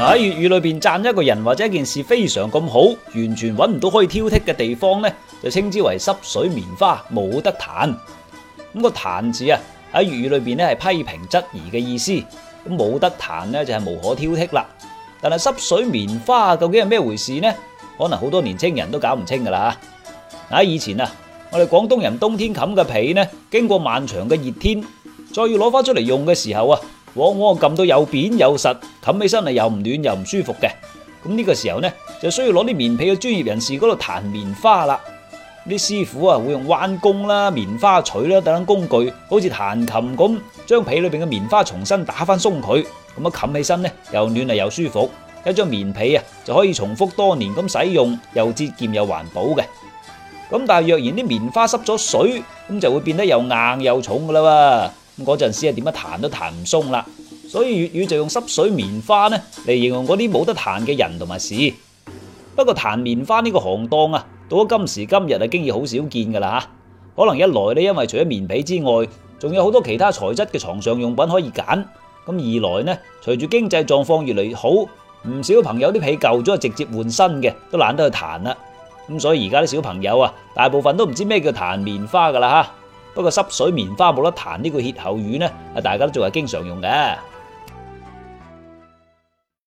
喺粵語裏邊，讚一個人或者一件事非常咁好，完全搵唔到可以挑剔嘅地方呢，就稱之為濕水棉花，冇得彈。咁個彈字啊，喺粵語裏邊咧係批評質疑嘅意思。咁冇得彈呢，就係無可挑剔啦。但係濕水棉花究竟係咩回事呢？可能好多年輕人都搞唔清噶啦。喺以前啊，我哋廣東人冬天冚嘅被呢，經過漫長嘅熱天，再要攞翻出嚟用嘅時候啊。往往撳到又扁又實，冚起身啊又唔暖又唔舒服嘅。咁呢個時候呢，就需要攞啲棉被嘅專業人士嗰度彈棉花啦。啲師傅啊會用彎弓啦、棉花錘啦等等工具，好似彈琴咁，將被裏邊嘅棉花重新打翻鬆佢。咁樣冚起身呢又暖啊又舒服，一張棉被啊就可以重複多年咁使用，又節儉又環保嘅。咁但係若然啲棉花濕咗水，咁就會變得又硬又重噶啦。嗰陣時係點樣彈都彈唔鬆啦，所以粵語就用濕水棉花呢嚟形容嗰啲冇得彈嘅人同埋事。不過彈棉花呢個行當啊，到咗今時今日係經已好少見㗎啦嚇。可能一來呢，因為除咗棉被之外，仲有好多其他材質嘅床上用品可以揀；咁二來呢，隨住經濟狀況越嚟越好，唔少朋友啲被舊咗，直接換新嘅，都懶得去彈啦。咁所以而家啲小朋友啊，大部分都唔知咩叫彈棉花㗎啦嚇。不過濕水棉花冇得彈這個呢句歇後語咧，啊大家都仲係經常用嘅。